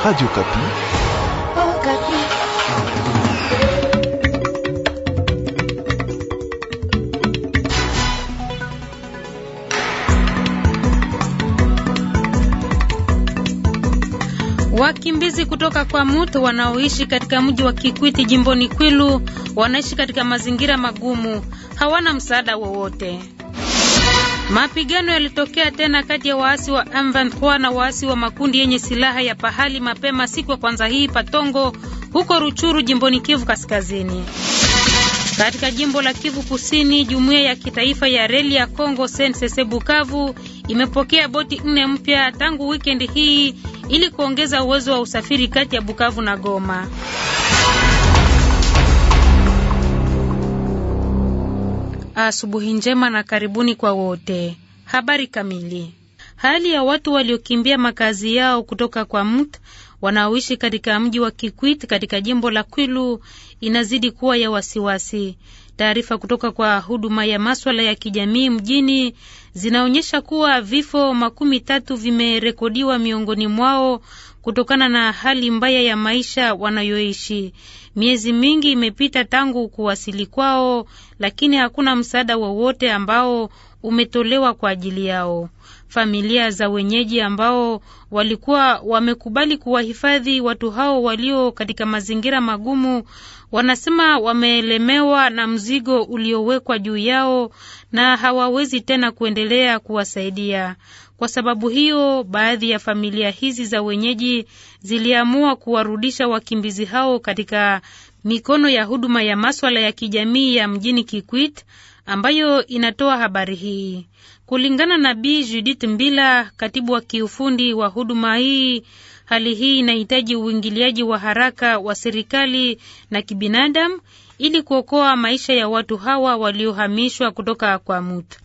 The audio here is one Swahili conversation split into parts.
Radio Kapi. Oh, Kapi. Wakimbizi kutoka kwa Mutu wanaoishi katika mji wa Kikwiti jimboni Kwilu wanaishi katika mazingira magumu, hawana msaada wowote. Mapigano yalitokea tena kati ya waasi wa M23 na waasi wa makundi yenye silaha ya pahali mapema siku ya kwanza hii Patongo huko Ruchuru jimboni Kivu Kaskazini. Katika jimbo la Kivu Kusini, jumuiya ya kitaifa ya reli ya Kongo SNCC Bukavu imepokea boti nne mpya tangu wikendi hii ili kuongeza uwezo wa usafiri kati ya Bukavu na Goma. Asubuhi njema na karibuni kwa wote. Habari kamili. Hali ya watu waliokimbia makazi yao kutoka kwa Mt wanaoishi katika mji wa Kikwit katika jimbo la Kwilu inazidi kuwa ya wasiwasi. Taarifa kutoka kwa huduma ya maswala ya kijamii mjini zinaonyesha kuwa vifo makumi tatu vimerekodiwa miongoni mwao kutokana na hali mbaya ya maisha wanayoishi. Miezi mingi imepita tangu kuwasili kwao, lakini hakuna msaada wowote ambao umetolewa kwa ajili yao familia za wenyeji ambao walikuwa wamekubali kuwahifadhi watu hao walio katika mazingira magumu wanasema wameelemewa na mzigo uliowekwa juu yao na hawawezi tena kuendelea kuwasaidia. Kwa sababu hiyo, baadhi ya familia hizi za wenyeji ziliamua kuwarudisha wakimbizi hao katika mikono ya huduma ya maswala ya kijamii ya mjini Kikwit ambayo inatoa habari hii. Kulingana na Bi Judith Mbila, katibu wa kiufundi wa huduma hii, hali hii inahitaji uingiliaji wa haraka wa serikali na kibinadamu ili kuokoa maisha ya watu hawa waliohamishwa kutoka kwa Mutu.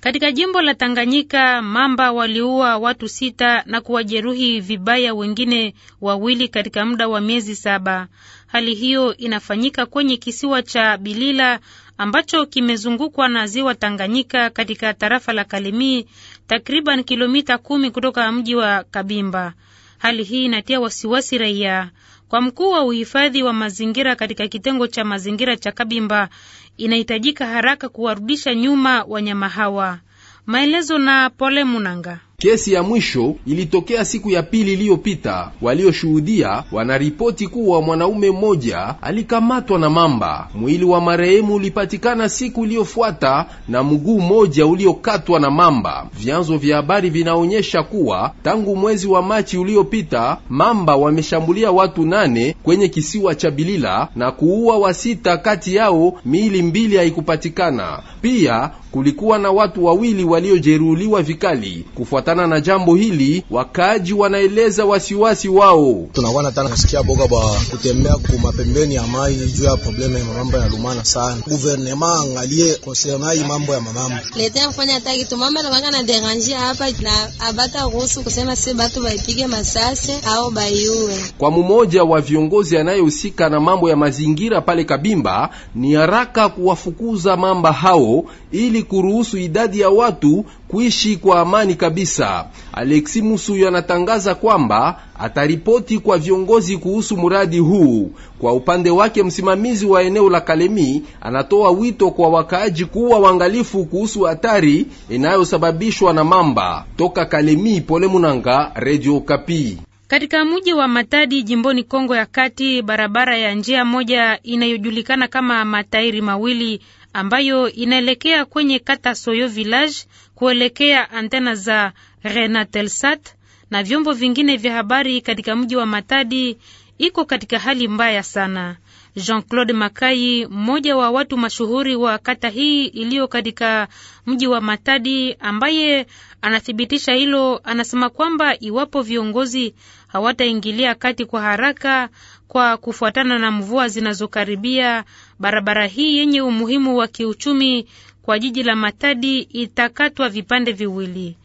Katika jimbo la Tanganyika, mamba waliua watu sita na kuwajeruhi vibaya wengine wawili katika muda wa miezi saba. Hali hiyo inafanyika kwenye kisiwa cha Bilila ambacho kimezungukwa na ziwa Tanganyika katika tarafa la Kalemie, takriban kilomita kumi kutoka mji wa Kabimba. Hali hii inatia wasiwasi raia. Kwa mkuu wa uhifadhi wa mazingira katika kitengo cha mazingira cha Kabimba, inahitajika haraka kuwarudisha nyuma wanyama hawa. Maelezo na Pole Munanga. Kesi ya mwisho ilitokea siku ya pili iliyopita. Walioshuhudia wanaripoti kuwa mwanaume mmoja alikamatwa na mamba. Mwili wa marehemu ulipatikana siku iliyofuata na mguu mmoja uliokatwa na mamba. Vyanzo vya habari vinaonyesha kuwa tangu mwezi wa Machi uliopita mamba wameshambulia watu nane kwenye kisiwa cha Bilila na kuua wasita, kati yao miili mbili haikupatikana. Pia kulikuwa na watu wawili waliojeruhiwa vikali. Kufuatana na jambo hili, wakaaji wanaeleza wasiwasi wao. tunakuwa tana nasikia boga ba kutembea kumapembeni ya mai juu ya probleme ya mambo ya lumana sana. Guvernema angalie konsena hii mambo ya mamambo letea kufanya taki tumama mama na wanga na deranjia hapa na abata ruhusu kusema si batu baipige masase au ah, oh, baiuwe. Kwa mmoja wa viongozi anayehusika na mambo ya mazingira pale Kabimba, ni haraka kuwafukuza mamba hao ili kuruhusu idadi ya watu kuishi kwa amani kabisa. Alexi Musuyo anatangaza kwamba ataripoti kwa viongozi kuhusu mradi huu. Kwa upande wake, msimamizi wa eneo la Kalemi anatoa wito kwa wakaaji kuwa wangalifu kuhusu hatari inayosababishwa na mamba. Toka Kalemi, Pole Munanga, Radio Kapi. Katika mji wa Matadi jimboni Kongo ya Kati, barabara ya njia moja inayojulikana kama matairi mawili ambayo inaelekea kwenye kata Soyo Village kuelekea antena za Renatelsat na vyombo vingine vya habari katika mji wa Matadi iko katika hali mbaya sana. Jean-Claude Makai, mmoja wa watu mashuhuri wa kata hii iliyo katika mji wa Matadi, ambaye anathibitisha hilo, anasema kwamba iwapo viongozi hawataingilia kati kwa haraka kwa kufuatana na mvua zinazokaribia, Barabara hii yenye umuhimu wa kiuchumi kwa jiji la Matadi itakatwa vipande viwili.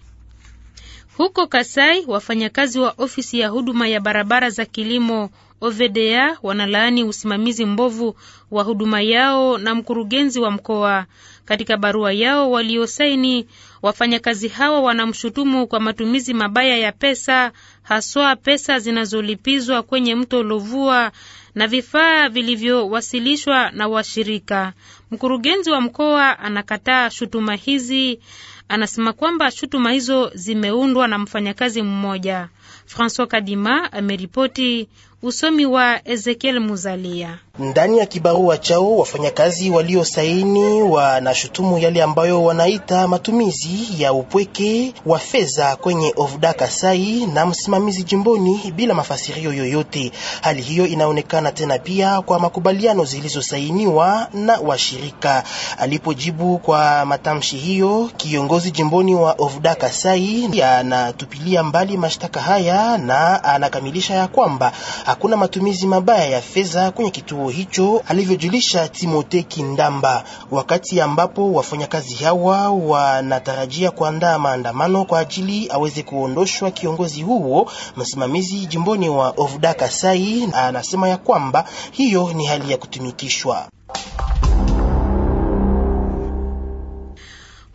Huko Kasai, wafanyakazi wa ofisi ya huduma ya barabara za kilimo OVDA wanalaani usimamizi mbovu wa huduma yao na mkurugenzi wa mkoa. Katika barua yao waliosaini, wafanyakazi hawa wanamshutumu kwa matumizi mabaya ya pesa, haswa pesa zinazolipizwa kwenye mto Lovua na vifaa vilivyowasilishwa na washirika. Mkurugenzi wa mkoa anakataa shutuma hizi, anasema kwamba shutuma hizo zimeundwa na mfanyakazi mmoja. Francois Kadima ameripoti, usomi wa Ezekiel Muzalia. Ndani ya kibarua chao wafanyakazi waliosaini wanashutumu yale ambayo wanaita matumizi ya upweke wa fedha kwenye Ofda Kasai na msimamizi jimboni bila mafasirio yoyote. Hali hiyo inaonekana tena pia kwa makubaliano zilizosainiwa na washirika. Alipojibu kwa matamshi hiyo, kiongozi jimboni wa Ofda Kasai anatupilia mbali mashtaka haya na anakamilisha ya kwamba hakuna matumizi mabaya ya fedha kwenye kituo kituo hicho, alivyojulisha Timote Kindamba, wakati ambapo wafanyakazi hawa wanatarajia kuandaa maandamano kwa ajili aweze kuondoshwa kiongozi huo. Msimamizi jimboni wa ovda Kasai anasema ya kwamba hiyo ni hali ya kutumikishwa.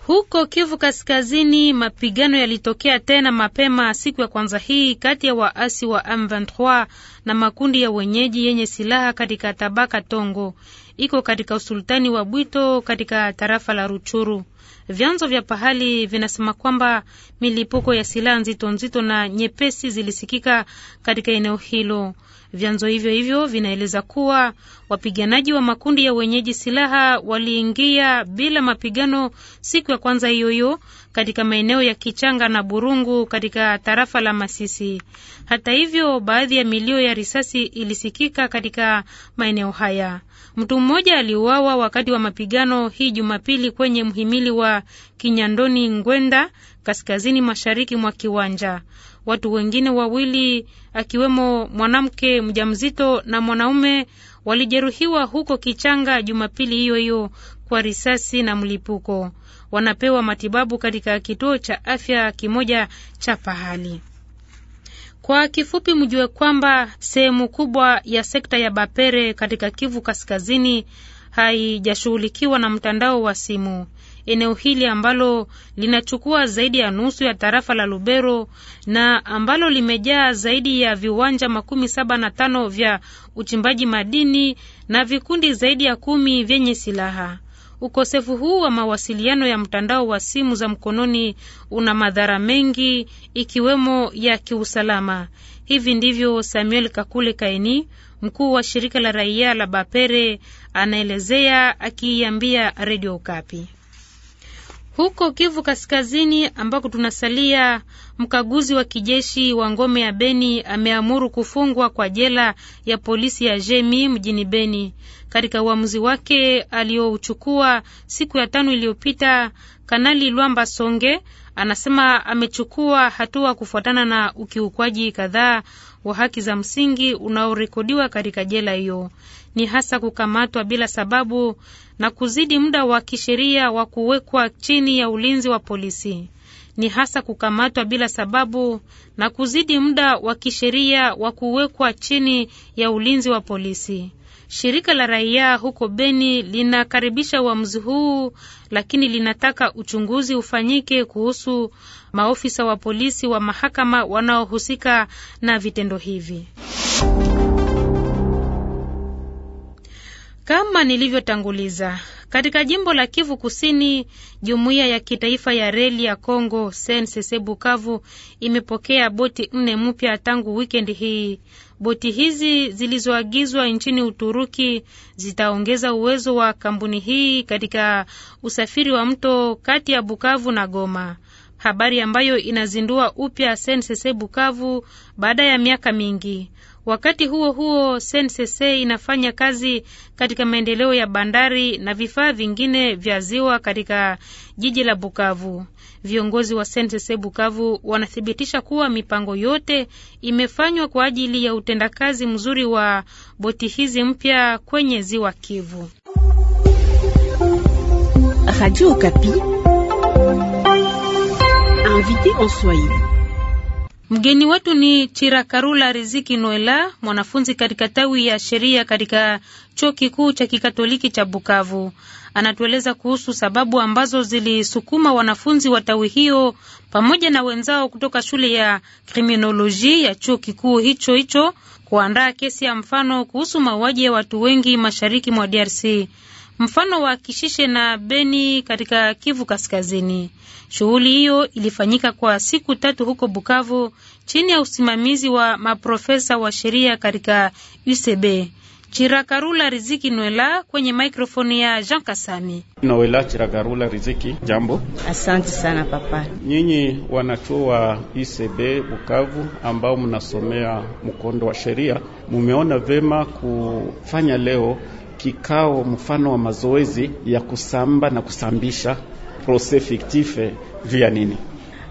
Huko Kivu Kaskazini, mapigano yalitokea tena mapema siku ya kwanza hii kati ya waasi wa M23 na makundi ya wenyeji yenye silaha katika tabaka Tongo iko katika usultani wa Bwito katika tarafa la Ruchuru. Vyanzo vya pahali vinasema kwamba milipuko ya silaha nzito nzito na nyepesi zilisikika katika eneo hilo. Vyanzo hivyo hivyo vinaeleza kuwa wapiganaji wa makundi ya wenyeji silaha waliingia bila mapigano siku ya kwanza hiyo hiyo katika maeneo ya Kichanga na Burungu katika tarafa la Masisi. Hata hivyo, baadhi ya milio ya risasi ilisikika katika maeneo haya. Mtu mmoja aliuawa wakati wa mapigano hii Jumapili kwenye mhimili wa Kinyandoni Ngwenda kaskazini mashariki mwa kiwanja. Watu wengine wawili akiwemo mwanamke mjamzito na mwanaume walijeruhiwa huko Kichanga Jumapili hiyo hiyo kwa risasi na mlipuko. Wanapewa matibabu katika kituo cha afya kimoja cha pahali. Kwa kifupi, mjue kwamba sehemu kubwa ya sekta ya Bapere katika Kivu Kaskazini haijashughulikiwa na mtandao wa simu eneo hili ambalo linachukua zaidi ya nusu ya tarafa la Lubero na ambalo limejaa zaidi ya viwanja makumi saba na tano vya uchimbaji madini na vikundi zaidi ya kumi vyenye silaha. Ukosefu huu wa mawasiliano ya mtandao wa simu za mkononi una madhara mengi ikiwemo ya kiusalama. Hivi ndivyo Samuel Kakule Kaini, mkuu wa shirika la raia la Bapere, anaelezea akiiambia Radio Kapi. Huko Kivu Kaskazini ambako tunasalia, mkaguzi wa kijeshi wa ngome ya Beni ameamuru kufungwa kwa jela ya polisi ya Jemi mjini Beni. Katika uamuzi wake aliouchukua siku ya tano iliyopita, Kanali Lwamba Songe anasema amechukua hatua kufuatana na ukiukwaji kadhaa wa haki za msingi unaorekodiwa katika jela hiyo, ni hasa kukamatwa bila sababu na kuzidi muda wa kisheria wa kuwekwa chini ya ulinzi wa polisi. Ni hasa kukamatwa bila sababu na kuzidi muda wa kisheria wa kuwekwa chini ya ulinzi wa polisi. Shirika la raia huko Beni linakaribisha uamuzi huu, lakini linataka uchunguzi ufanyike kuhusu maofisa wa polisi wa mahakama wanaohusika na vitendo hivi. Kama nilivyotanguliza, katika jimbo la Kivu Kusini, jumuiya ya kitaifa ya reli ya Congo SNCC Bukavu imepokea boti nne mpya tangu wikendi hii. Boti hizi zilizoagizwa nchini Uturuki zitaongeza uwezo wa kampuni hii katika usafiri wa mto kati ya Bukavu na Goma, habari ambayo inazindua upya SNCC Bukavu baada ya miaka mingi. Wakati huo huo, SNCC inafanya kazi katika maendeleo ya bandari na vifaa vingine vya ziwa katika jiji la Bukavu. Viongozi wa SNCC Bukavu wanathibitisha kuwa mipango yote imefanywa kwa ajili ya utendakazi mzuri wa boti hizi mpya kwenye ziwa Kivu. Radio Okapi. Mgeni wetu ni Chirakarula Riziki Noela, mwanafunzi katika tawi ya sheria katika chuo kikuu cha kikatoliki cha Bukavu. Anatueleza kuhusu sababu ambazo zilisukuma wanafunzi wa tawi hiyo pamoja na wenzao kutoka shule ya kriminoloji ya chuo kikuu hicho hicho kuandaa kesi ya mfano kuhusu mauaji ya watu wengi mashariki mwa DRC mfano wa Kishishe na Beni katika Kivu Kaskazini. Shughuli hiyo ilifanyika kwa siku tatu huko Bukavu chini ya usimamizi wa maprofesa wa sheria katika UCB. Chirakarula Riziki Nwela kwenye mikrofoni ya Jean Kasami. Nawela Chirakarula Riziki, jambo. Asante sana papa. Nyinyi wanachuo wa ICB Bukavu ambao mnasomea mkondo wa sheria, mumeona vema kufanya leo kikao mfano wa mazoezi ya kusamba na kusambisha proses fictif juu ya nini?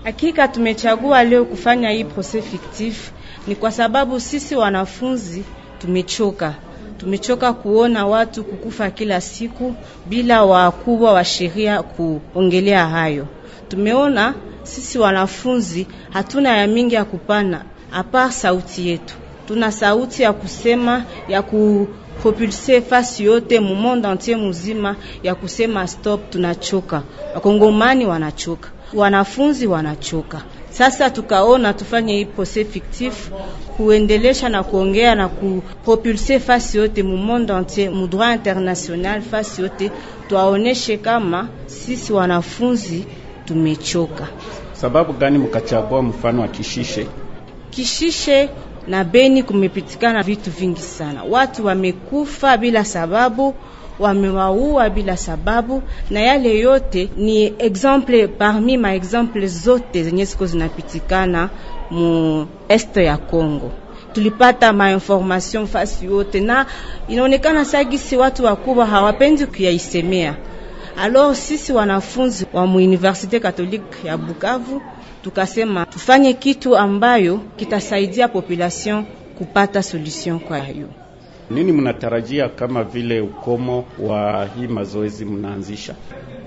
Hakika tumechagua leo kufanya hii proses fictif ni kwa sababu sisi wanafunzi tumechoka tumechoka kuona watu kukufa kila siku bila wakubwa wa sheria kuongelea hayo. Tumeona sisi wanafunzi hatuna ya mingi ya kupana hapa, sauti yetu tuna sauti ya kusema ya ku propulse fasi yote mumonda entier muzima ya kusema stop, tunachoka. Wakongomani wanachoka, wanafunzi wanachoka. Sasa tukaona tufanye hii pose fictif kuendelesha na kuongea na kupropulse fasi yote mumonde entier mu droit international, fasi yote twaoneshe kama sisi wanafunzi tumechoka. Sababu gani mkachagua mfano wa Kishishe? Kishishe na Beni kumepitikana vitu vingi sana, watu wamekufa bila sababu, wamewaua bila sababu, na yale yote ni exemple parmi ma exemple zote zenye ziko zinapitikana mu este ya congo Tulipata ma information fasi yote, na inaonekana sagisi watu wakubwa hawapendi kuyaisemea. Alors sisi wanafunzi wa mu Katolike ya Bukavu tukasema tufanye kitu ambayo kitasaidia population kupata solution kwa hiyo. Nini mnatarajia kama vile ukomo wa hii mazoezi mnaanzisha?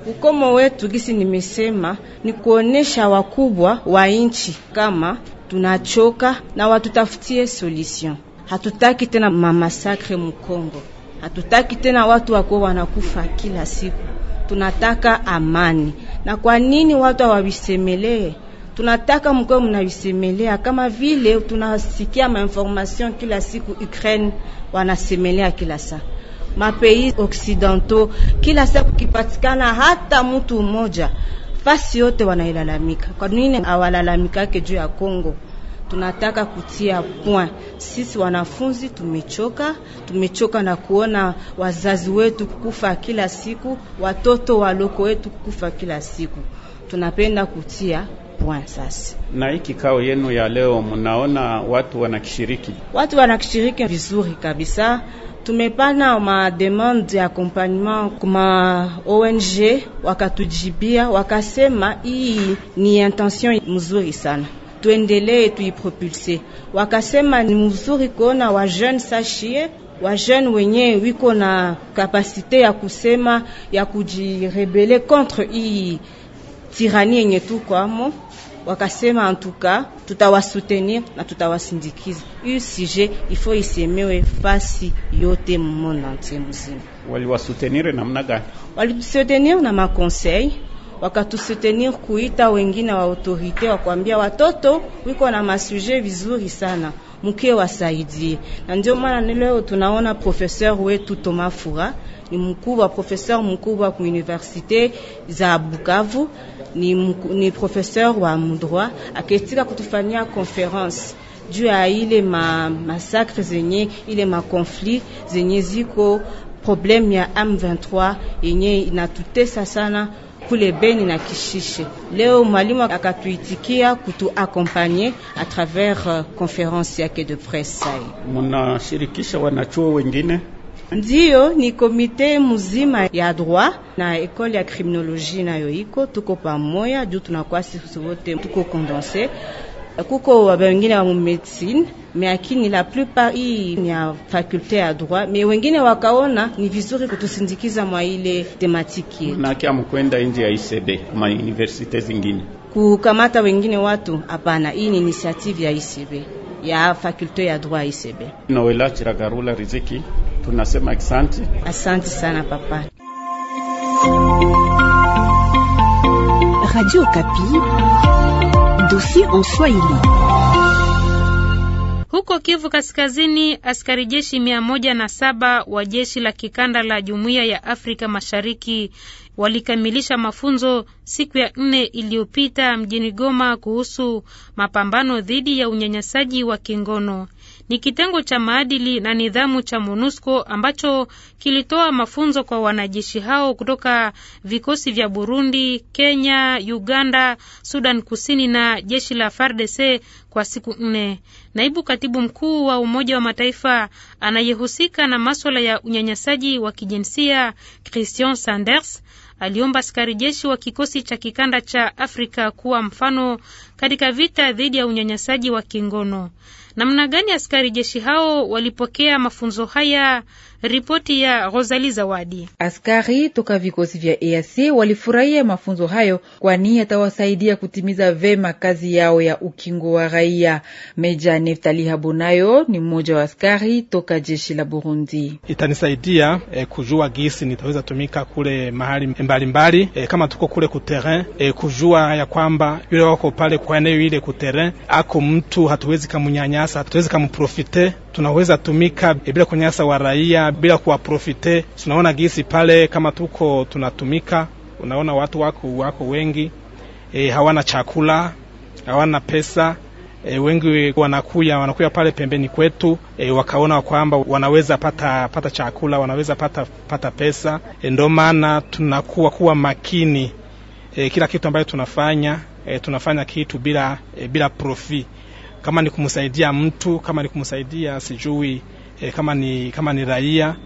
Ukomo wetu gisi nimesema ni kuonesha wakubwa wa nchi kama tunachoka na watutafutie solution. Hatutaki tena mamasakre Mkongo, hatutaki tena watu wako wanakufa kila siku, tunataka amani. Na kwa nini watu hawavisemelee? tunataka mkoe mnavisemelea, kama vile tunasikia mainformation kila siku Ukraine wanasemelea kila saa mapei occidentaux kila saa, kukipatikana hata mtu mmoja fasi yote wanailalamika. Kwa nini hawalalamikake juu ya Kongo? Tunataka kutia point. Sisi wanafunzi tumechoka, tumechoka na kuona wazazi wetu kukufa kila siku, watoto waloko wetu kukufa kila siku. Tunapenda kutia point sasa. Na hii kikao yenu ya leo, mnaona watu wanakishiriki? Watu wanakishiriki vizuri kabisa. Tumepana ma demande ya accompagnement kuma ONG wakatujibia, wakasema hii ni intention mzuri sana tuendelee tuipropulse. Wakasema ni mzuri kuona wa jeune sashie wa jeune wenye wiko na kapasite ya kusema ya kujirebele contre hii tirani yenye tukwamo wakasema antuka tutawasutenir na tutawasindikiza. Hiyo sije ifo isemewe fasi yote mmona ntie mzima. Waliwasutenir namna gani? Walitusutenir na makonsei wakatusutenir kuita wengine wa autorite, wakwambia watoto wiko na masuje vizuri sana mkie wasaidie, na ndio maana leo tunaona professeur wetu Thomas Fura ni mkubwa, professeur mkubwa ku universite za Bukavu, ni, ni professeur wa mdroit aketika kutufanyia conference juu ya ile ma, masakre zenye ile makonflit zenye ziko probleme ya M23 yenye inatutesa sana kule Beni na Kishishe. Leo mwalimu akatuitikia kutu akompanye a travers uh, konferensi yake de presse. Munashirikisha wanachuo wengine? Ndiyo, ni komite muzima ya droit na ekole ya kriminolojie nayo iko, tuko pamoya juu tunakuwa sisi wote tuko kondense kuko wengine wa mumedicine akini la plupart hii ni ya fakulte ya droit, me wengine wakaona ni vizuri kutusindikiza mwa ile tematiki yetu, kama kwenda nje ya ICB ama universite zingine kukamata wengine watu. Hapana, hii ni initiative ya ICB ya fakulte ya droit ICB. Noela Chiragarula Riziki, tunasema asante, asante sana papa Radio Kapi, dossier en Swahili. Huko Kivu Kaskazini, askari jeshi mia moja na saba wa jeshi la kikanda la Jumuiya ya Afrika Mashariki walikamilisha mafunzo siku ya nne iliyopita mjini Goma kuhusu mapambano dhidi ya unyanyasaji wa kingono ni kitengo cha maadili na nidhamu cha MONUSCO ambacho kilitoa mafunzo kwa wanajeshi hao kutoka vikosi vya Burundi, Kenya, Uganda, Sudan Kusini na jeshi la FARDC kwa siku nne. Naibu katibu mkuu wa Umoja wa Mataifa anayehusika na maswala ya unyanyasaji wa kijinsia Christian Sanders aliomba askari jeshi wa kikosi cha kikanda cha Afrika kuwa mfano katika vita dhidi ya unyanyasaji wa kingono namna gani askari jeshi hao walipokea mafunzo haya Ripoti ya Rosali Zawadi. Askari toka vikosi vya EAC walifurahia mafunzo hayo, kwani yatawasaidia kutimiza vema kazi yao ya ukingo wa raia. Meja Neftali Habonayo ni mmoja wa askari toka jeshi la Burundi. Itanisaidia eh, kujua gisi nitaweza tumika kule mahali mbalimbali, eh, kama tuko kule kuterrain, eh, kujua ya kwamba yule wako pale kwa eneo ile kuterrain ako mtu, hatuwezi kamunyanyasa, hatuwezi kamprofite, tunaweza tumika eh, bila kunyanyasa wa raia bila kuwaprofite. Tunaona gisi pale kama tuko tunatumika, unaona watu wako wako wengi e, hawana chakula, hawana pesa e, wengi wanakuya wanakuya pale pembeni kwetu e, wakaona kwamba wanaweza pata pata chakula, wanaweza pata pata pesa e, ndio maana tunakuwa kuwa makini e, kila kitu ambayo tunafanya e, tunafanya kitu bila e, bila profi, kama ni kumsaidia mtu, kama ni kumsaidia sijui e, kama, ni, kama ni raia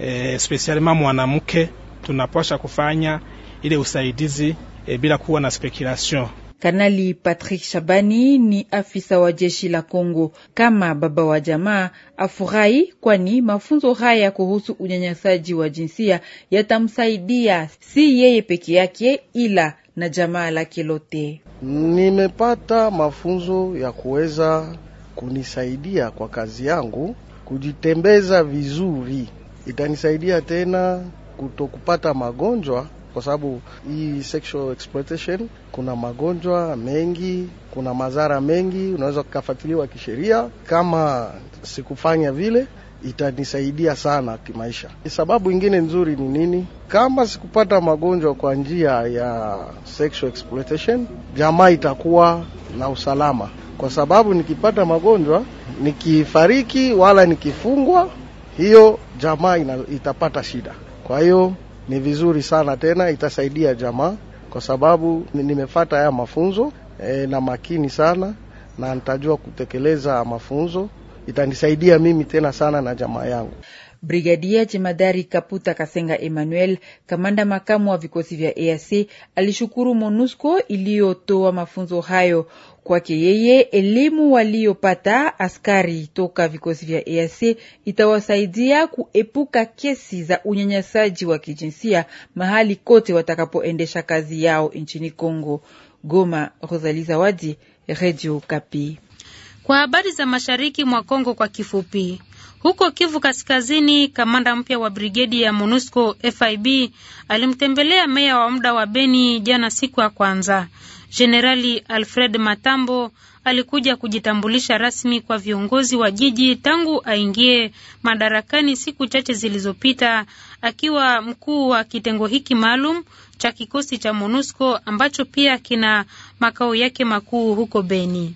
e, especially mama mwanamke tunapasha kufanya ile usaidizi e, bila kuwa na speculation. Kanali Patrick Shabani ni afisa wa jeshi la Kongo. Kama baba wa jamaa afurahi, kwani mafunzo haya kuhusu unyanyasaji wa jinsia yatamsaidia si yeye peke yake, ila na jamaa lake lote. Nimepata mafunzo ya kuweza kunisaidia kwa kazi yangu kujitembeza vizuri itanisaidia tena kutokupata magonjwa, kwa sababu hii sexual exploitation, kuna magonjwa mengi, kuna madhara mengi, unaweza kukafatiliwa kisheria. Kama sikufanya vile, itanisaidia sana kimaisha. Sababu ingine nzuri ni nini? Kama sikupata magonjwa kwa njia ya sexual exploitation, jamaa itakuwa na usalama, kwa sababu nikipata magonjwa nikifariki wala nikifungwa, hiyo jamaa ina, itapata shida. Kwa hiyo ni vizuri sana tena, itasaidia jamaa kwa sababu nimefata haya mafunzo e, na makini sana na nitajua kutekeleza mafunzo, itanisaidia mimi tena sana na jamaa yangu. Brigadia jemadari Kaputa Kasenga Emmanuel, kamanda makamu wa vikosi vya EAC, alishukuru MONUSCO iliyotoa mafunzo hayo. Kwake yeye, elimu waliyopata askari toka vikosi vya EAC itawasaidia kuepuka kesi za unyanyasaji wa kijinsia mahali kote watakapoendesha kazi yao nchini Kongo. Goma, Rosalie Zawadi, Radio Kapi. Kwa habari za mashariki mwa Kongo kwa kifupi huko Kivu Kaskazini, kamanda mpya wa brigedi ya MONUSCO FIB alimtembelea meya wa muda wa Beni jana siku ya kwanza. Jenerali Alfred Matambo alikuja kujitambulisha rasmi kwa viongozi wa jiji tangu aingie madarakani siku chache zilizopita, akiwa mkuu wa kitengo hiki maalum cha kikosi cha MONUSCO ambacho pia kina makao yake makuu huko Beni.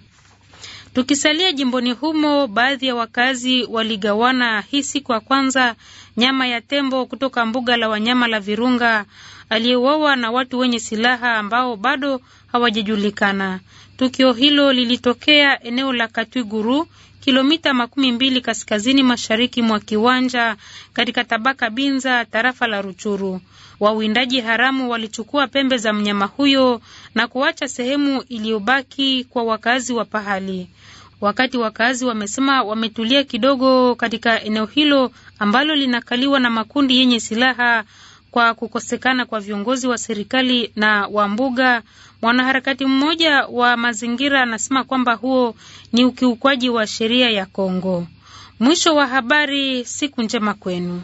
Tukisalia jimboni humo, baadhi ya wakazi waligawana hii siku ya kwanza nyama ya tembo kutoka mbuga la wanyama la Virunga aliyeuawa na watu wenye silaha ambao bado hawajajulikana. Tukio hilo lilitokea eneo la Katwiguru kilomita makumi mbili kaskazini mashariki mwa Kiwanja katika tabaka Binza, tarafa la Ruchuru. Wawindaji haramu walichukua pembe za mnyama huyo na kuacha sehemu iliyobaki kwa wakazi wa pahali. Wakati wakazi wamesema wametulia kidogo katika eneo hilo ambalo linakaliwa na makundi yenye silaha kwa kukosekana kwa viongozi wa serikali na wa mbuga, Mwanaharakati mmoja wa mazingira anasema kwamba huo ni ukiukwaji wa sheria ya Kongo. Mwisho wa habari. Siku njema kwenu.